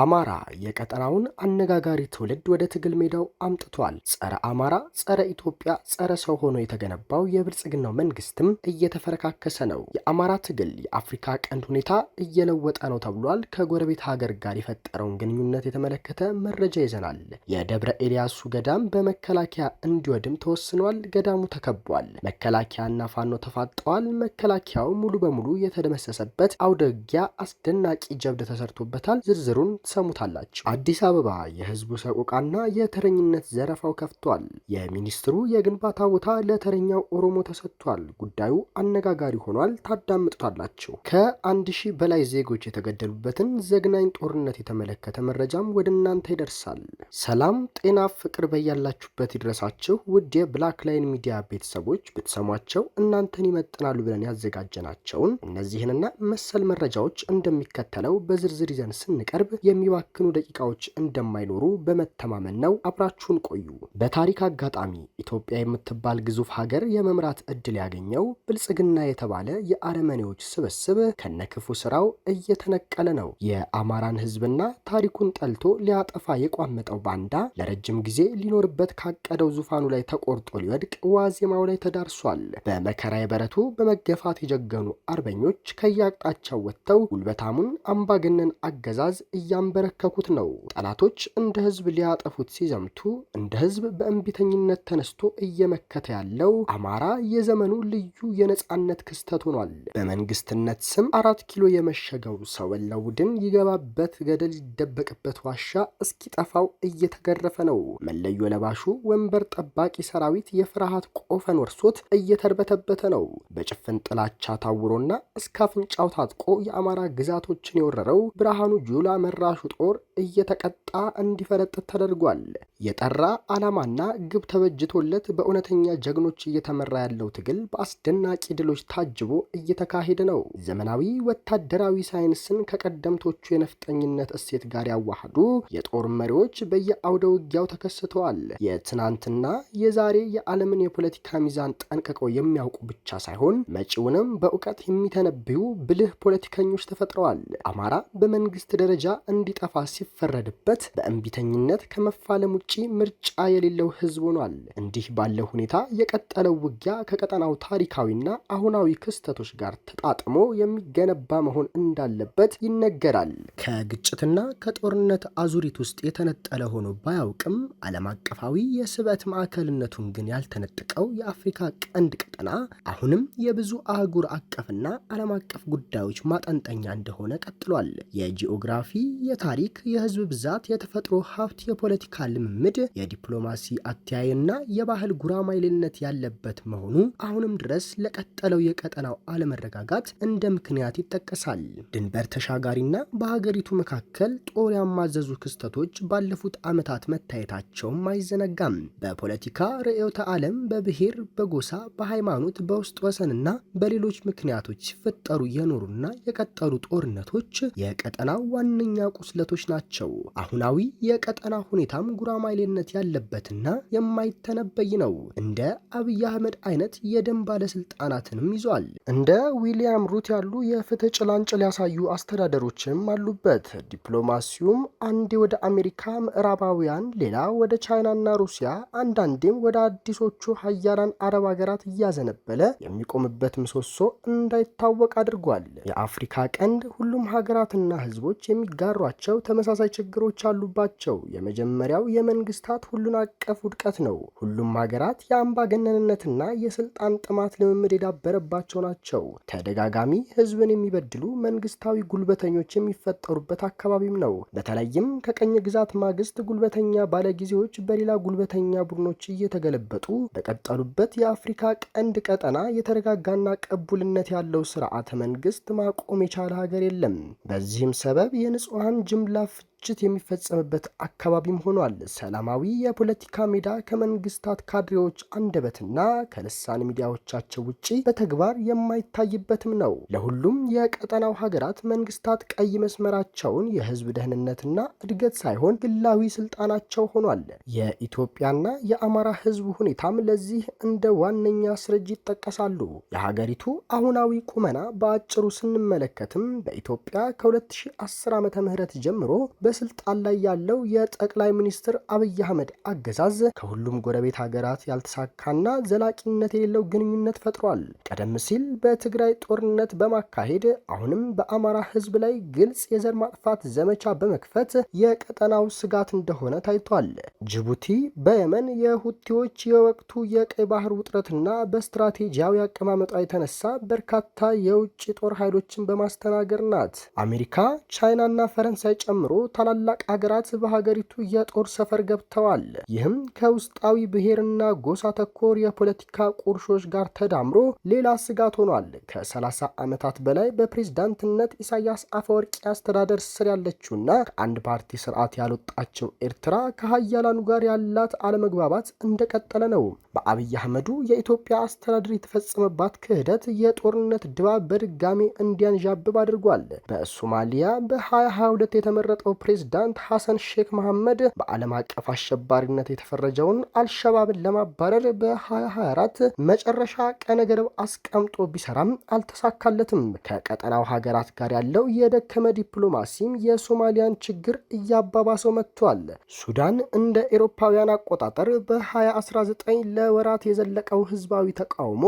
አማራ የቀጠናውን አነጋጋሪ ትውልድ ወደ ትግል ሜዳው አምጥቷል። ጸረ አማራ፣ ጸረ ኢትዮጵያ፣ ጸረ ሰው ሆኖ የተገነባው የብልጽግናው መንግስትም እየተፈረካከሰ ነው። የአማራ ትግል የአፍሪካ ቀንድ ሁኔታ እየለወጠ ነው ተብሏል። ከጎረቤት ሀገር ጋር የፈጠረውን ግንኙነት የተመለከተ መረጃ ይዘናል። የደብረ ኤልያሱ ገዳም በመከላከያ እንዲወድም ተወስኗል። ገዳሙ ተከቧል። መከላከያና ፋኖ ተፋጠዋል። መከላከያው ሙሉ በሙሉ የተደመሰሰበት አውደ ውጊያ አስደናቂ ጀብድ ተሰርቶበታል። ዝርዝሩን ትሰሙታላችሁ። አዲስ አበባ የህዝቡ ሰቆቃና የተረኝነት ዘረፋው ከፍቷል። የሚኒስትሩ የግንባታ ቦታ ለተረኛው ኦሮሞ ተሰጥቷል። ጉዳዩ አነጋጋሪ ሆኗል። ታዳምጡታላችሁ። ከአንድ ሺህ በላይ ዜጎች የተገደሉበትን ዘግናኝ ጦርነት የተመለከተ መረጃም ወደ እናንተ ይደርሳል። ሰላም፣ ጤና፣ ፍቅር በያላችሁበት ይድረሳችሁ። ውድ የብላክ ላይን ሚዲያ ቤተሰቦች ብትሰሟቸው እናንተን ይመጥናሉ ብለን ያዘጋጀናቸውን እነዚህንና መሰል መረጃዎች እንደሚከተለው በዝርዝር ይዘን ስንቀርብ የሚባክኑ ደቂቃዎች እንደማይኖሩ በመተማመን ነው። አብራችሁን ቆዩ። በታሪክ አጋጣሚ ኢትዮጵያ የምትባል ግዙፍ ሀገር የመምራት እድል ያገኘው ብልጽግና የተባለ የአረመኔዎች ስብስብ ከነክፉ ስራው እየተነቀለ ነው። የአማራን ህዝብና ታሪኩን ጠልቶ ሊያጠፋ የቋመጠው ባንዳ ለረጅም ጊዜ ሊኖርበት ካቀደው ዙፋኑ ላይ ተቆርጦ ሊወድቅ ዋዜማው ላይ ተዳርሷል። በመከራ የበረቱ በመገፋት የጀገኑ አርበኞች ከየአቅጣጫው ወጥተው ጉልበታሙን አምባገነን አገዛዝ እያ ያንበረከኩት ነው። ጠላቶች እንደ ህዝብ ሊያጠፉት ሲዘምቱ እንደ ህዝብ በእንቢተኝነት ተነስቶ እየመከተ ያለው አማራ የዘመኑ ልዩ የነጻነት ክስተት ሆኗል። በመንግስትነት ስም አራት ኪሎ የመሸገው ሰው የለው ቡድን ይገባበት ገደል ይደበቅበት ዋሻ እስኪጠፋው እየተገረፈ ነው። መለዮ ለባሹ ወንበር ጠባቂ ሰራዊት የፍርሃት ቆፈን ወርሶት እየተርበተበተ ነው። በጭፍን ጥላቻ ታውሮና እስከ አፍንጫው ታጥቆ የአማራ ግዛቶችን የወረረው ብርሃኑ ጁላ መራ ግማሹ ጦር እየተቀጣ እንዲፈረጥጥ ተደርጓል። የጠራ ዓላማና ግብ ተበጅቶለት በእውነተኛ ጀግኖች እየተመራ ያለው ትግል በአስደናቂ ድሎች ታጅቦ እየተካሄደ ነው። ዘመናዊ ወታደራዊ ሳይንስን ከቀደምቶቹ የነፍጠኝነት እሴት ጋር ያዋሃዱ የጦር መሪዎች በየአውደ ውጊያው ተከስተዋል። የትናንትና የዛሬ የዓለምን የፖለቲካ ሚዛን ጠንቅቀው የሚያውቁ ብቻ ሳይሆን መጪውንም በእውቀት የሚተነብዩ ብልህ ፖለቲከኞች ተፈጥረዋል። አማራ በመንግስት ደረጃ እንዲጠፋ ሲፈረድበት በእንቢተኝነት ከመፋለም ውጪ ምርጫ የሌለው ህዝብ ሆኗል። እንዲህ ባለው ሁኔታ የቀጠለው ውጊያ ከቀጠናው ታሪካዊና አሁናዊ ክስተቶች ጋር ተጣጥሞ የሚገነባ መሆን እንዳለበት ይነገራል። ከግጭትና ከጦርነት አዙሪት ውስጥ የተነጠለ ሆኖ ባያውቅም ዓለም አቀፋዊ የስበት ማዕከልነቱን ግን ያልተነጠቀው የአፍሪካ ቀንድ ቀጠና አሁንም የብዙ አህጉር አቀፍና ዓለም አቀፍ ጉዳዮች ማጠንጠኛ እንደሆነ ቀጥሏል። የጂኦግራፊ የታሪክ፣ የህዝብ ብዛት፣ የተፈጥሮ ሀብት፣ የፖለቲካ ልምምድ፣ የዲፕሎማሲ አተያይና የባህል ጉራማይልነት ያለበት መሆኑ አሁንም ድረስ ለቀጠለው የቀጠናው አለመረጋጋት እንደ ምክንያት ይጠቀሳል። ድንበር ተሻጋሪና በሀገሪቱ መካከል ጦር ያማዘዙ ክስተቶች ባለፉት ዓመታት መታየታቸውም አይዘነጋም። በፖለቲካ ርዕዮተ ዓለም፣ በብሔር፣ በጎሳ፣ በሃይማኖት፣ በውስጥ ወሰንና በሌሎች ምክንያቶች ሲፈጠሩ የኖሩና የቀጠሉ ጦርነቶች የቀጠናው ዋነኛ ቁስለቶች ናቸው። አሁናዊ የቀጠና ሁኔታም ጉራማይሌነት ያለበትና የማይተነበይ ነው። እንደ አብይ አህመድ አይነት የደም ባለስልጣናትንም ይዟል። እንደ ዊሊያም ሩት ያሉ የፍትህ ጭላንጭል ያሳዩ አስተዳደሮችም አሉበት። ዲፕሎማሲውም አንዴ ወደ አሜሪካ ምዕራባውያን፣ ሌላ ወደ ቻይናና ሩሲያ፣ አንዳንዴም ወደ አዲሶቹ ሀያላን አረብ ሀገራት እያዘነበለ የሚቆምበት ምሰሶ እንዳይታወቅ አድርጓል። የአፍሪካ ቀንድ ሁሉም ሀገራትና ህዝቦች የሚጋሩ የሚያጋሯቸው ተመሳሳይ ችግሮች አሉባቸው። የመጀመሪያው የመንግስታት ሁሉን አቀፍ ውድቀት ነው። ሁሉም ሀገራት የአምባገነንነትና የስልጣን ጥማት ልምምድ የዳበረባቸው ናቸው። ተደጋጋሚ ህዝብን የሚበድሉ መንግስታዊ ጉልበተኞች የሚፈጠሩበት አካባቢም ነው። በተለይም ከቀኝ ግዛት ማግስት ጉልበተኛ ባለጊዜዎች በሌላ ጉልበተኛ ቡድኖች እየተገለበጡ በቀጠሉበት የአፍሪካ ቀንድ ቀጠና የተረጋጋና ቀቡልነት ያለው ስርዓተ መንግስት ማቆም የቻለ ሀገር የለም። በዚህም ሰበብ የንጹሐን ጅምላ ግጭት የሚፈጸምበት አካባቢም ሆኗል። ሰላማዊ የፖለቲካ ሜዳ ከመንግስታት ካድሬዎች አንደበትና ከልሳን ሚዲያዎቻቸው ውጪ በተግባር የማይታይበትም ነው። ለሁሉም የቀጠናው ሀገራት መንግስታት ቀይ መስመራቸውን የህዝብ ደህንነትና እድገት ሳይሆን ግላዊ ስልጣናቸው ሆኗል። የኢትዮጵያና የአማራ ህዝብ ሁኔታም ለዚህ እንደ ዋነኛ ስርጅ ይጠቀሳሉ። የሀገሪቱ አሁናዊ ቁመና በአጭሩ ስንመለከትም በኢትዮጵያ ከ2010 ዓ ም ጀምሮ በ በስልጣን ላይ ያለው የጠቅላይ ሚኒስትር አብይ አህመድ አገዛዝ ከሁሉም ጎረቤት ሀገራት ያልተሳካና ዘላቂነት የሌለው ግንኙነት ፈጥሯል። ቀደም ሲል በትግራይ ጦርነት በማካሄድ አሁንም በአማራ ሕዝብ ላይ ግልጽ የዘር ማጥፋት ዘመቻ በመክፈት የቀጠናው ስጋት እንደሆነ ታይቷል። ጅቡቲ በየመን የሁቲዎች የወቅቱ የቀይ ባህር ውጥረትና በስትራቴጂያዊ አቀማመጧ የተነሳ በርካታ የውጭ ጦር ኃይሎችን በማስተናገድ ናት። አሜሪካ፣ ቻይናና ፈረንሳይ ጨምሮ ታላላቅ ሀገራት በሀገሪቱ የጦር ሰፈር ገብተዋል። ይህም ከውስጣዊ ብሔርና ጎሳ ተኮር የፖለቲካ ቁርሾች ጋር ተዳምሮ ሌላ ስጋት ሆኗል። ከ30 ዓመታት በላይ በፕሬዝዳንትነት ኢሳያስ አፈወርቂ አስተዳደር ስር ያለችውና ከአንድ ፓርቲ ስርዓት ያልወጣቸው ኤርትራ ከሀያላኑ ጋር ያላት አለመግባባት እንደቀጠለ ነው። በአብይ አህመዱ የኢትዮጵያ አስተዳደር የተፈጸመባት ክህደት የጦርነት ድባብ በድጋሜ እንዲያንዣብብ አድርጓል። በሶማሊያ በ2022 የተመረጠው ፕሬዚዳንት ሐሰን ሼክ መሐመድ በዓለም አቀፍ አሸባሪነት የተፈረጀውን አልሸባብን ለማባረር በ2024 መጨረሻ ቀነ ገደብ አስቀምጦ ቢሰራም አልተሳካለትም። ከቀጠናው ሀገራት ጋር ያለው የደከመ ዲፕሎማሲም የሶማሊያን ችግር እያባባሰው መጥቷል። ሱዳን እንደ ኤሮፓውያን አቆጣጠር በ2019 ለወራት የዘለቀው ህዝባዊ ተቃውሞ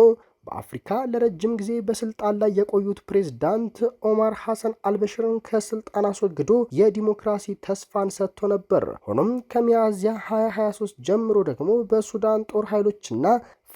በአፍሪካ ለረጅም ጊዜ በስልጣን ላይ የቆዩት ፕሬዝዳንት ኦማር ሐሰን አልበሽርን ከስልጣን አስወግዶ የዲሞክራሲ ተስፋን ሰጥቶ ነበር። ሆኖም ከሚያዝያ 2023 ጀምሮ ደግሞ በሱዳን ጦር ኃይሎችና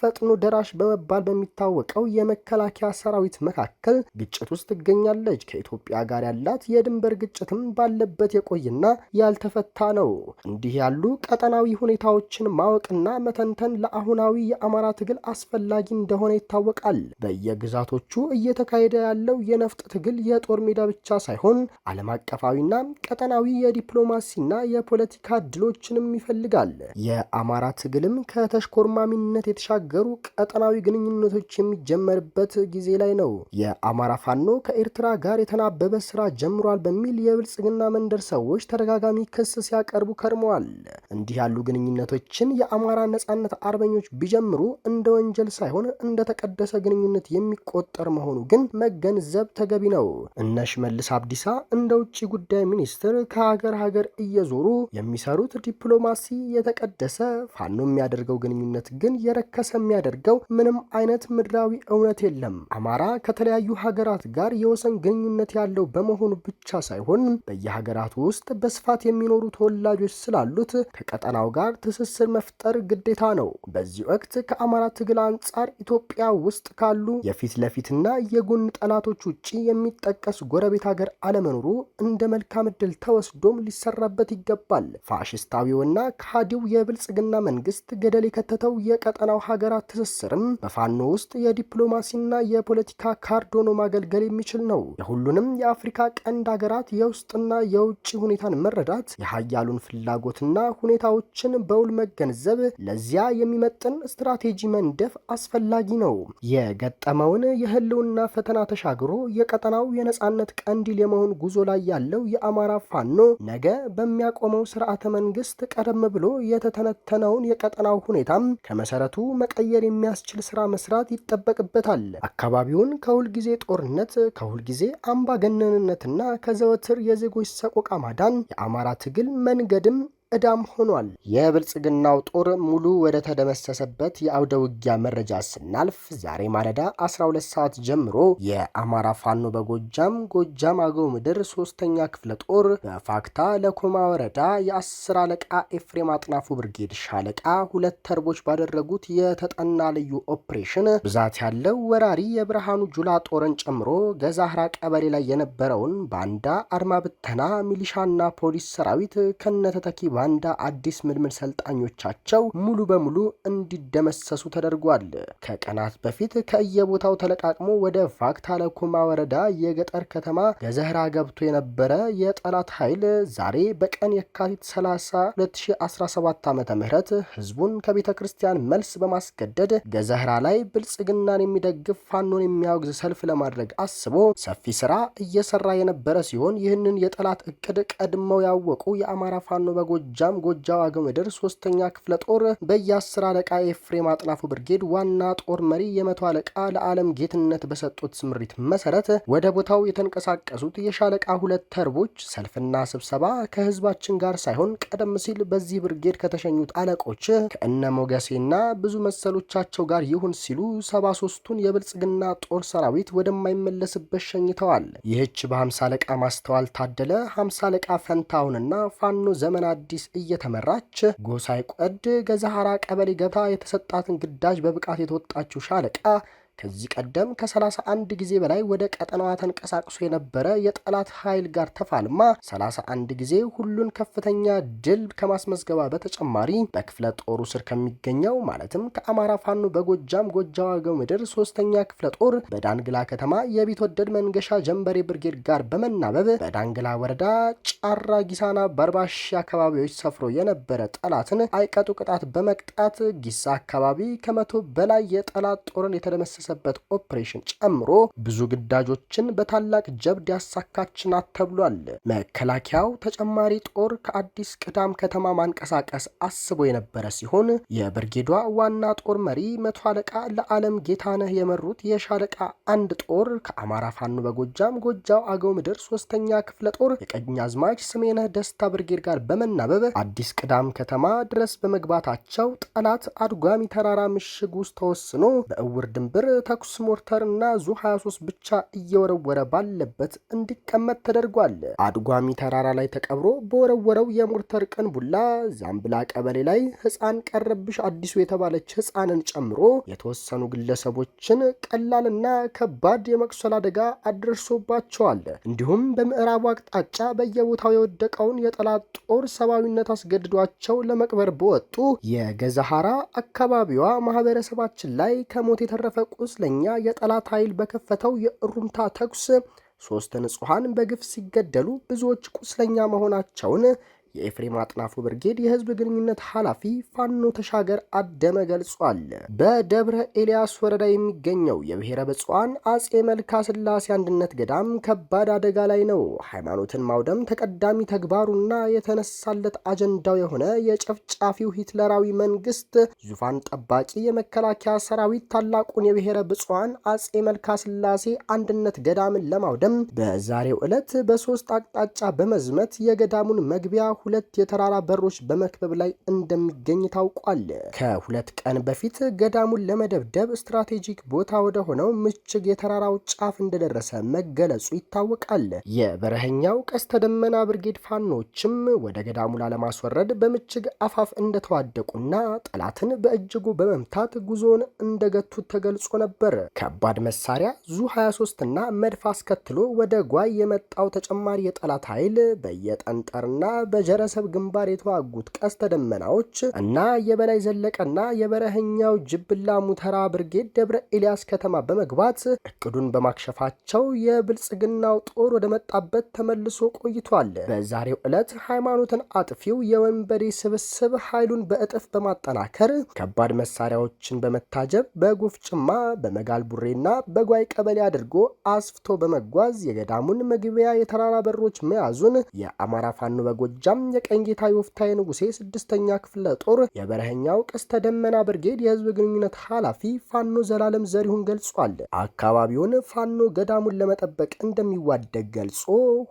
ፈጥኖ ደራሽ በመባል በሚታወቀው የመከላከያ ሰራዊት መካከል ግጭት ውስጥ ትገኛለች። ከኢትዮጵያ ጋር ያላት የድንበር ግጭትም ባለበት የቆየና ያልተፈታ ነው። እንዲህ ያሉ ቀጠናዊ ሁኔታዎችን ማወቅና መተንተን ለአሁናዊ የአማራ ትግል አስፈላጊ እንደሆነ ይታወቃል። በየግዛቶቹ እየተካሄደ ያለው የነፍጥ ትግል የጦር ሜዳ ብቻ ሳይሆን ዓለም አቀፋዊና ቀጠናዊ የዲፕሎማሲና የፖለቲካ ድሎችንም ይፈልጋል። የአማራ ትግልም ከተሽኮርማሚነት የተሻገ ሲናገሩ ቀጠናዊ ግንኙነቶች የሚጀመርበት ጊዜ ላይ ነው። የአማራ ፋኖ ከኤርትራ ጋር የተናበበ ስራ ጀምሯል በሚል የብልጽግና መንደር ሰዎች ተደጋጋሚ ክስ ሲያቀርቡ ከርመዋል። እንዲህ ያሉ ግንኙነቶችን የአማራ ነጻነት አርበኞች ቢጀምሩ እንደ ወንጀል ሳይሆን እንደ ተቀደሰ ግንኙነት የሚቆጠር መሆኑ ግን መገንዘብ ተገቢ ነው። እነ ሽመልስ አብዲሳ እንደ ውጭ ጉዳይ ሚኒስትር ከሀገር ሀገር እየዞሩ የሚሰሩት ዲፕሎማሲ የተቀደሰ ፋኖ የሚያደርገው ግንኙነት ግን የረከሰ ከሚያደርገው ምንም አይነት ምድራዊ እውነት የለም። አማራ ከተለያዩ ሀገራት ጋር የወሰን ግንኙነት ያለው በመሆኑ ብቻ ሳይሆን በየሀገራቱ ውስጥ በስፋት የሚኖሩ ተወላጆች ስላሉት ከቀጠናው ጋር ትስስር መፍጠር ግዴታ ነው። በዚህ ወቅት ከአማራ ትግል አንጻር ኢትዮጵያ ውስጥ ካሉ የፊት ለፊትና የጎን ጠላቶች ውጭ የሚጠቀስ ጎረቤት ሀገር አለመኖሩ እንደ መልካም እድል ተወስዶም ሊሰራበት ይገባል። ፋሽስታዊውና ከሃዲው የብልጽግና መንግስት ገደል የከተተው የቀጠናው ሀገር ሀገራት ትስስርም በፋኖ ውስጥ የዲፕሎማሲና የፖለቲካ ካርድ ሆኖ ማገልገል የሚችል ነው። የሁሉንም የአፍሪካ ቀንድ ሀገራት የውስጥና የውጭ ሁኔታን መረዳት፣ የሀያሉን ፍላጎትና ሁኔታዎችን በውል መገንዘብ፣ ለዚያ የሚመጥን ስትራቴጂ መንደፍ አስፈላጊ ነው። የገጠመውን የህልውና ፈተና ተሻግሮ የቀጠናው የነጻነት ቀንዲል የመሆን ጉዞ ላይ ያለው የአማራ ፋኖ ነገ በሚያቆመው ስርዓተ መንግስት ቀደም ብሎ የተተነተነውን የቀጠናው ሁኔታም ከመሰረቱ መቀ መቀየር የሚያስችል ስራ መስራት ይጠበቅበታል። አካባቢውን ከሁልጊዜ ጦርነት፣ ከሁልጊዜ አምባገነንነትና ከዘወትር የዜጎች ሰቆቃ ማዳን የአማራ ትግል መንገድም እዳም ሆኗል። የብልጽግናው ጦር ሙሉ ወደ ተደመሰሰበት የአውደ ውጊያ መረጃ ስናልፍ ዛሬ ማለዳ 12 ሰዓት ጀምሮ የአማራ ፋኖ በጎጃም ጎጃም አገው ምድር ሶስተኛ ክፍለ ጦር በፋክታ ለኮማ ወረዳ የአስር አለቃ ኤፍሬም አጥናፉ ብርጌድ ሻለቃ ሁለት ተርቦች ባደረጉት የተጠና ልዩ ኦፕሬሽን ብዛት ያለው ወራሪ የብርሃኑ ጁላ ጦርን ጨምሮ ገዛህራ ቀበሌ ላይ የነበረውን ባንዳ አድማ ብተና ሚሊሻና ፖሊስ ሰራዊት ከነተተኪ ሩዋንዳ አዲስ ምልምል ሰልጣኞቻቸው ሙሉ በሙሉ እንዲደመሰሱ ተደርጓል። ከቀናት በፊት ከየቦታው ተለቃቅሞ ወደ ቫግታለ ኩማ ወረዳ የገጠር ከተማ ገዘህራ ገብቶ የነበረ የጠላት ኃይል ዛሬ በቀን የካቲት 30 2017 ዓ ም ህዝቡን ከቤተ ክርስቲያን መልስ በማስገደድ ገዘህራ ላይ ብልጽግናን የሚደግፍ ፋኖን የሚያወግዝ ሰልፍ ለማድረግ አስቦ ሰፊ ስራ እየሰራ የነበረ ሲሆን ይህንን የጠላት እቅድ ቀድመው ያወቁ የአማራ ፋኖ በጎ ጎጃም ጎጃው አገው ምድር ሶስተኛ ክፍለ ጦር በየአስር አለቃ ኤፍሬም አጥናፉ ብርጌድ ዋና ጦር መሪ የመቶ አለቃ ለዓለም ጌትነት በሰጡት ስምሪት መሰረት ወደ ቦታው የተንቀሳቀሱት የሻለቃ ሁለት ተርቦች ሰልፍና ስብሰባ ከህዝባችን ጋር ሳይሆን ቀደም ሲል በዚህ ብርጌድ ከተሸኙት አለቆች ከእነ ሞገሴና ብዙ መሰሎቻቸው ጋር ይሁን ሲሉ ሰባ ሶስቱን የብልጽግና ጦር ሰራዊት ወደማይመለስበት ሸኝተዋል። ይህች በሀምሳ አለቃ ማስተዋል ታደለ ሀምሳ አለቃ ፈንታሁንና ፋኖ ዘመን አዲስ አዲስ እየተመራች ጎሳይ ቆድ ገዛሃራ ቀበሌ ገብታ የተሰጣትን ግዳጅ በብቃት የተወጣችው ሻለቃ ከዚህ ቀደም ከ31 ጊዜ በላይ ወደ ቀጠናዋ ተንቀሳቅሶ የነበረ የጠላት ኃይል ጋር ተፋልማ 31 ጊዜ ሁሉን ከፍተኛ ድል ከማስመዝገባ በተጨማሪ በክፍለ ጦሩ ስር ከሚገኘው ማለትም ከአማራ ፋኖ በጎጃም ጎጃዋገው ምድር ሶስተኛ ክፍለ ጦር በዳንግላ ከተማ ወደድ መንገሻ ጀንበሬ ብርጌድ ጋር በመናበብ በዳንግላ ወረዳ ጫራ ጊሳና በርባሽ አካባቢዎች ሰፍሮ የነበረ ጠላትን አይቀጡ ቅጣት በመቅጣት ጊሳ አካባቢ ከመቶ በላይ የጠላት ጦርን የተደመሰሰ የተደረሰበት ኦፕሬሽን ጨምሮ ብዙ ግዳጆችን በታላቅ ጀብድ ያሳካች ናት ተብሏል። መከላከያው ተጨማሪ ጦር ከአዲስ ቅዳም ከተማ ማንቀሳቀስ አስቦ የነበረ ሲሆን የብርጌዷ ዋና ጦር መሪ መቶ አለቃ ለዓለም ጌታነህ የመሩት የሻለቃ አንድ ጦር ከአማራ ፋኖ በጎጃም ጎጃው አገው ምድር ሶስተኛ ክፍለ ጦር አዝማች ስሜነህ ደስታ ብርጌድ ጋር በመናበብ አዲስ ቅዳም ከተማ ድረስ በመግባታቸው ጠላት አድጓሚ ተራራ ምሽግ ውስጥ ተወስኖ በእውር ድንብር ተኩስ ሞርተርና ዙ 23 ብቻ እየወረወረ ባለበት እንዲቀመጥ ተደርጓል። አድጓሚ ተራራ ላይ ተቀብሮ በወረወረው የሞርተር ቀን ቡላ ዛምብላ ቀበሌ ላይ ህፃን ቀረብሽ አዲሱ የተባለች ህፃንን ጨምሮ የተወሰኑ ግለሰቦችን ቀላልና ከባድ የመቁሰል አደጋ አድርሶባቸዋል። እንዲሁም በምዕራቡ አቅጣጫ በየቦታው የወደቀውን የጠላት ጦር ሰብአዊነት አስገድዷቸው ለመቅበር በወጡ የገዛሃራ አካባቢዋ ማህበረሰባችን ላይ ከሞት የተረፈ ቁስለኛ የጠላት ኃይል በከፈተው የእሩምታ ተኩስ ሶስት ንጹሐን በግፍ ሲገደሉ ብዙዎች ቁስለኛ መሆናቸውን የኤፍሬም አጥናፉ ብርጌድ የህዝብ ግንኙነት ኃላፊ ፋኖ ተሻገር አደመ ገልጿል። በደብረ ኤልያስ ወረዳ የሚገኘው የብሔረ ብፁዓን አጼ መልካ ስላሴ አንድነት ገዳም ከባድ አደጋ ላይ ነው። ሃይማኖትን ማውደም ተቀዳሚ ተግባሩና የተነሳለት አጀንዳው የሆነ የጨፍጫፊው ሂትለራዊ መንግስት ዙፋን ጠባቂ የመከላከያ ሰራዊት ታላቁን የብሔረ ብፁዓን አጼ መልካ ስላሴ አንድነት ገዳምን ለማውደም በዛሬው ዕለት በሶስት አቅጣጫ በመዝመት የገዳሙን መግቢያ ሁለት የተራራ በሮች በመክበብ ላይ እንደሚገኝ ታውቋል። ከሁለት ቀን በፊት ገዳሙን ለመደብደብ ስትራቴጂክ ቦታ ወደ ሆነው ምችግ የተራራው ጫፍ እንደደረሰ መገለጹ ይታወቃል። የበረሀኛው ቀስተ ደመና ብርጌድ ፋኖችም ወደ ገዳሙ ላለማስወረድ በምችግ አፋፍ እንደተዋደቁና ጠላትን በእጅጉ በመምታት ጉዞውን እንደገቱት ተገልጾ ነበር። ከባድ መሳሪያ ዙ 23 እና መድፍ አስከትሎ ወደ ጓይ የመጣው ተጨማሪ የጠላት ኃይል በየጠንጠርና በ በጀረሰብ ግንባር የተዋጉት ቀስተ ደመናዎች እና የበላይ ዘለቀና የበረህኛው ጅብላ ሙተራ ብርጌድ ደብረ ኤልያስ ከተማ በመግባት እቅዱን በማክሸፋቸው የብልጽግናው ጦር ወደመጣበት ተመልሶ ቆይቷል። በዛሬው ዕለት ሃይማኖትን አጥፊው የወንበዴ ስብስብ ኃይሉን በእጥፍ በማጠናከር ከባድ መሳሪያዎችን በመታጀብ በጎፍ ጭማ፣ በመጋል ቡሬና በጓይ ቀበሌ አድርጎ አስፍቶ በመጓዝ የገዳሙን መግቢያ የተራራ በሮች መያዙን የአማራ ፋኖ በጎጃም በኋላም የቀኝ ጌታ ዮፍታይ ንጉሴ ስድስተኛ ክፍለ ጦር የበረሀኛው ቀስተ ደመና ብርጌድ የህዝብ ግንኙነት ኃላፊ ፋኖ ዘላለም ዘሪሁን ገልጿል። አካባቢውን ፋኖ ገዳሙን ለመጠበቅ እንደሚዋደግ ገልጾ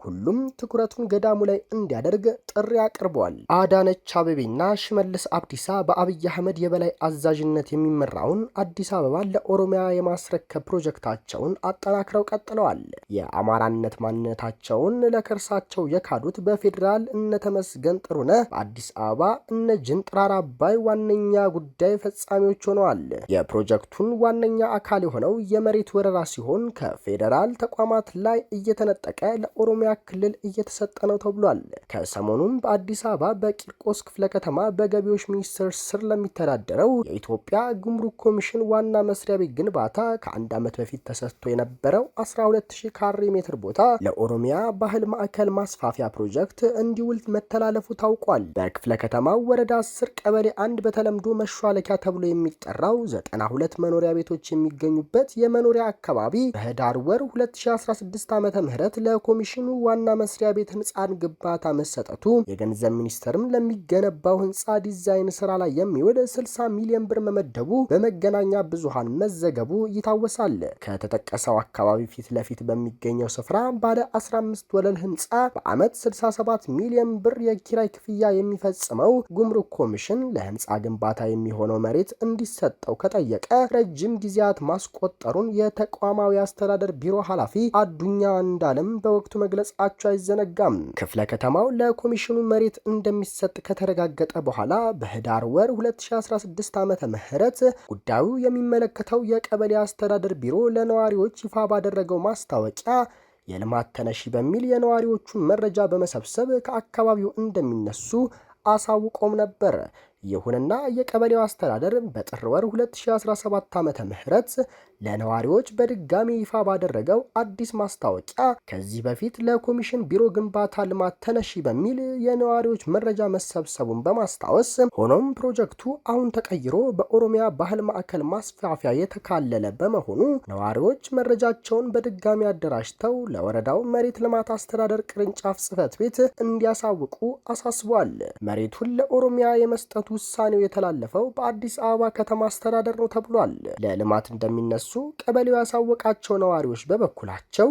ሁሉም ትኩረቱን ገዳሙ ላይ እንዲያደርግ ጥሪ አቅርቧል። አዳነች አቤቤና ሽመልስ አብዲሳ በአብይ አህመድ የበላይ አዛዥነት የሚመራውን አዲስ አበባ ለኦሮሚያ የማስረከብ ፕሮጀክታቸውን አጠናክረው ቀጥለዋል። የአማራነት ማንነታቸውን ለከርሳቸው የካዱት በፌዴራል እነተመ ተመስገን ጥሩነህ በአዲስ አበባ እነ ጅን ጥራር አባይ ዋነኛ ጉዳይ ፈጻሚዎች ሆነዋል። የፕሮጀክቱን ዋነኛ አካል የሆነው የመሬት ወረራ ሲሆን ከፌዴራል ተቋማት ላይ እየተነጠቀ ለኦሮሚያ ክልል እየተሰጠ ነው ተብሏል። ከሰሞኑም በአዲስ አበባ በቂርቆስ ክፍለ ከተማ በገቢዎች ሚኒስቴር ስር ለሚተዳደረው የኢትዮጵያ ጉምሩክ ኮሚሽን ዋና መስሪያ ቤት ግንባታ ከአንድ ዓመት በፊት ተሰጥቶ የነበረው 12000 ካሬ ሜትር ቦታ ለኦሮሚያ ባህል ማዕከል ማስፋፊያ ፕሮጀክት እንዲውል መተላለፉ ታውቋል። በክፍለ ከተማው ወረዳ 10 ቀበሌ አንድ በተለምዶ መሿለኪያ ተብሎ የሚጠራው 92 መኖሪያ ቤቶች የሚገኙበት የመኖሪያ አካባቢ በህዳር ወር 2016 ዓ ም ለኮሚሽኑ ዋና መስሪያ ቤት ህንፃን ግንባታ መሰጠቱ የገንዘብ ሚኒስቴርም ለሚገነባው ህንፃ ዲዛይን ስራ ላይ የሚውል 60 ሚሊዮን ብር መመደቡ በመገናኛ ብዙሃን መዘገቡ ይታወሳል። ከተጠቀሰው አካባቢ ፊት ለፊት በሚገኘው ስፍራ ባለ 15 ወለል ህንፃ በዓመት 67 ሚሊዮን ብር የኪራይ ክፍያ የሚፈጽመው ጉምሩክ ኮሚሽን ለህንፃ ግንባታ የሚሆነው መሬት እንዲሰጠው ከጠየቀ ረጅም ጊዜያት ማስቆጠሩን የተቋማዊ አስተዳደር ቢሮ ኃላፊ አዱኛ እንዳለም በወቅቱ መግለጻቸው አይዘነጋም። ክፍለ ከተማው ለኮሚሽኑ መሬት እንደሚሰጥ ከተረጋገጠ በኋላ በህዳር ወር 2016 ዓ ምህረት ጉዳዩ የሚመለከተው የቀበሌ አስተዳደር ቢሮ ለነዋሪዎች ይፋ ባደረገው ማስታወቂያ የልማት ተነሺ በሚል የነዋሪዎቹን መረጃ በመሰብሰብ ከአካባቢው እንደሚነሱ አሳውቆም ነበር። ይሁንና የቀበሌው አስተዳደር በጥር ወር 2017 ዓመተ ምህረት ለነዋሪዎች በድጋሚ ይፋ ባደረገው አዲስ ማስታወቂያ ከዚህ በፊት ለኮሚሽን ቢሮ ግንባታ ልማት ተነሺ በሚል የነዋሪዎች መረጃ መሰብሰቡን በማስታወስ ሆኖም ፕሮጀክቱ አሁን ተቀይሮ በኦሮሚያ ባህል ማዕከል ማስፋፊያ የተካለለ በመሆኑ ነዋሪዎች መረጃቸውን በድጋሚ አደራጅተው ለወረዳው መሬት ልማት አስተዳደር ቅርንጫፍ ጽፈት ቤት እንዲያሳውቁ አሳስቧል። መሬቱን ለኦሮሚያ የመስጠቱ ውሳኔው የተላለፈው በአዲስ አበባ ከተማ አስተዳደር ነው ተብሏል። ለልማት እንደሚነሱ ቀበሌው ያሳወቃቸው ነዋሪዎች በበኩላቸው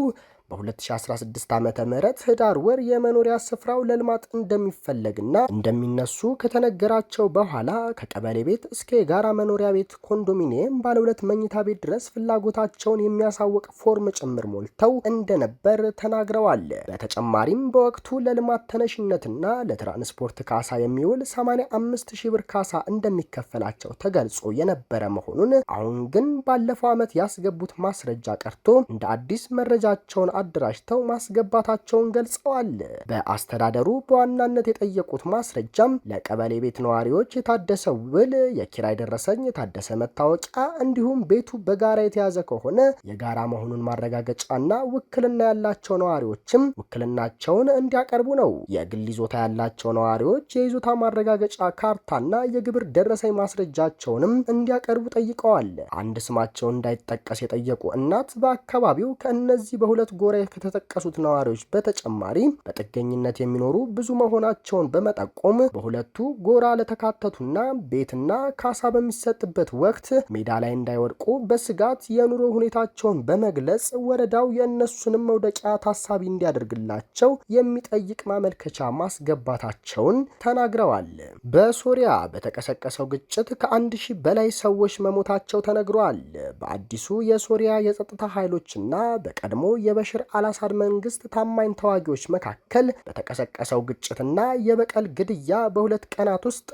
በ2016 ዓ ም ህዳር ወር የመኖሪያ ስፍራው ለልማት እንደሚፈለግና እንደሚነሱ ከተነገራቸው በኋላ ከቀበሌ ቤት እስከ የጋራ መኖሪያ ቤት ኮንዶሚኒየም ባለ ሁለት መኝታ ቤት ድረስ ፍላጎታቸውን የሚያሳውቅ ፎርም ጭምር ሞልተው እንደነበር ተናግረዋል። በተጨማሪም በወቅቱ ለልማት ተነሽነትና ለትራንስፖርት ካሳ የሚውል 85 ሺህ ብር ካሳ እንደሚከፈላቸው ተገልጾ የነበረ መሆኑን አሁን ግን ባለፈው ዓመት ያስገቡት ማስረጃ ቀርቶ እንደ አዲስ መረጃቸውን አደራጅተው ማስገባታቸውን ገልጸዋል። በአስተዳደሩ በዋናነት የጠየቁት ማስረጃም ለቀበሌ ቤት ነዋሪዎች የታደሰ ውል፣ የኪራይ ደረሰኝ፣ የታደሰ መታወቂያ እንዲሁም ቤቱ በጋራ የተያዘ ከሆነ የጋራ መሆኑን ማረጋገጫና ውክልና ያላቸው ነዋሪዎችም ውክልናቸውን እንዲያቀርቡ ነው። የግል ይዞታ ያላቸው ነዋሪዎች የይዞታ ማረጋገጫ ካርታና የግብር ደረሰኝ ማስረጃቸውንም እንዲያቀርቡ ጠይቀዋል። አንድ ስማቸው እንዳይጠቀስ የጠየቁ እናት በአካባቢው ከእነዚህ በሁለት ጎ ጎራ ከተጠቀሱት ነዋሪዎች በተጨማሪ በጥገኝነት የሚኖሩ ብዙ መሆናቸውን በመጠቆም በሁለቱ ጎራ ለተካተቱና ቤትና ካሳ በሚሰጥበት ወቅት ሜዳ ላይ እንዳይወድቁ በስጋት የኑሮ ሁኔታቸውን በመግለጽ ወረዳው የእነሱንም መውደቂያ ታሳቢ እንዲያደርግላቸው የሚጠይቅ ማመልከቻ ማስገባታቸውን ተናግረዋል። በሶሪያ በተቀሰቀሰው ግጭት ከአንድ ሺህ በላይ ሰዎች መሞታቸው ተነግረዋል። በአዲሱ የሶሪያ የጸጥታ ኃይሎችና በቀድሞ የበሸ የባሽር አልአሳድ መንግስት ታማኝ ተዋጊዎች መካከል በተቀሰቀሰው ግጭትና የበቀል ግድያ በሁለት ቀናት ውስጥ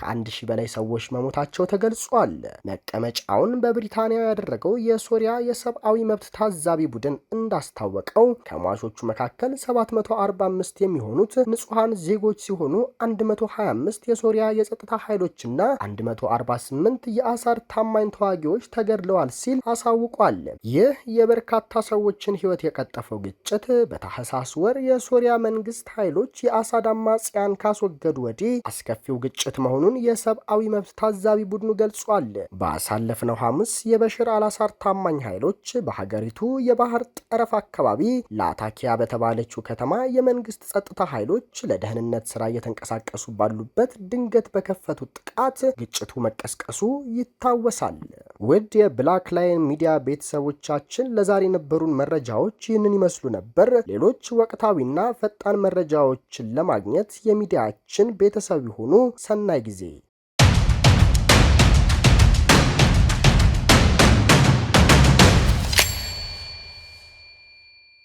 ከአንድ ሺህ በላይ ሰዎች መሞታቸው ተገልጿል። መቀመጫውን በብሪታንያ ያደረገው የሶሪያ የሰብአዊ መብት ታዛቢ ቡድን እንዳስታወቀው ከሟቾቹ መካከል 745 የሚሆኑት ንጹሐን ዜጎች ሲሆኑ 125 የሶሪያ የጸጥታ ኃይሎችና 148 የአሳድ ታማኝ ተዋጊዎች ተገድለዋል ሲል አሳውቋል። ይህ የበርካታ ሰዎችን ሕይወት የቀጠፈው ግጭት በታህሳስ ወር የሶሪያ መንግስት ኃይሎች የአሳድ አማጽያን ካስወገዱ ወዲህ አስከፊው ግጭት መሆኑ መሆኑን የሰብአዊ መብት ታዛቢ ቡድኑ ገልጿል። ባሳለፍነው ሐሙስ የበሽር አላሳር ታማኝ ኃይሎች በሀገሪቱ የባህር ጠረፍ አካባቢ ላታኪያ በተባለችው ከተማ የመንግስት ጸጥታ ኃይሎች ለደህንነት ስራ እየተንቀሳቀሱ ባሉበት ድንገት በከፈቱት ጥቃት ግጭቱ መቀስቀሱ ይታወሳል። ውድ የብላክ ላይን ሚዲያ ቤተሰቦቻችን ለዛሬ የነበሩን መረጃዎች ይህንን ይመስሉ ነበር። ሌሎች ወቅታዊና ፈጣን መረጃዎችን ለማግኘት የሚዲያችን ቤተሰብ ይሁኑ። ሰናይ ጊዜ easy.